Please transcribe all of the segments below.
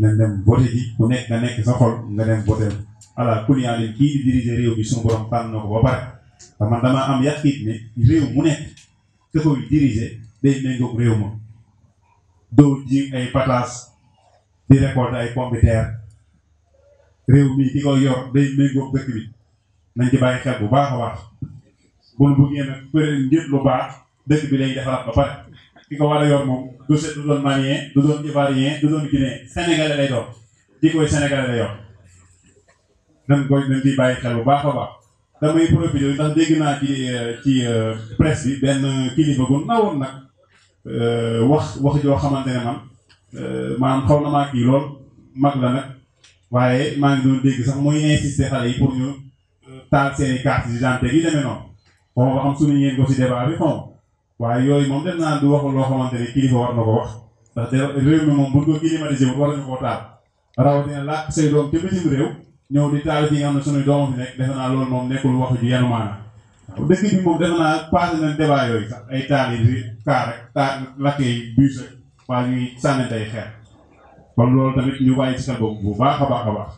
nañ dem voté ji ku nekk nga nekk sa xol nga dem voté ala kulli alim kii di diriger réew bi suñu borom tànn na ko ba pare te man damaa am yàqiit ne réew mu nekk ka koy diriger day méngoog réew ma doo ji ay pataas di récolter ay pombiteer réew mi di ko yor day méngoog dëkk bi nañ ci bàyyi xel bu baax a baax bu nu bëggee nag ñëpp lu baax dëkk bi lay defaraat ba pare ki ko war a yor moom du se du doon malien du doon ivoirien du doon guinéen sénégalais lay doon di koy sénégalais lay yor dañ koy dañ ciy bàyyi xel bu baax a baax damay profité ndax dégg naa ci euh, ci euh, bi benn euh, wax wax joo xamante ne man maanaam xaw na maa kii lool mag la nag waaye maa ngi doon dégg sax muy insister xale yi pour ñu taal seen i carte d'identité yi demee noonu xaw ma ba xam suñu ko si débat bi xaw waaye yooyu moom dem naa du wax loo xamante ni kilifa war na ko wax ndax réew mi moom buñ ko climatisé wut war nañu koo taal rawatina làkk say doom te bitim réew ñëw di taal fi nga xam ne suñu doomam fi nekk defe naa loolu moom nekkul wax ju yanu maanaam waaw dëkk bi moom defe naa passé nañ débat yooyu ay taal yi di kaar rek taal lakk yi rek waa ñuy sànnante ay kon loolu tamit ñu bàyyi ci sa bopp bu baax a baax a baax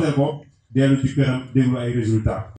waaw ku deve-se esperar devolver o resultado.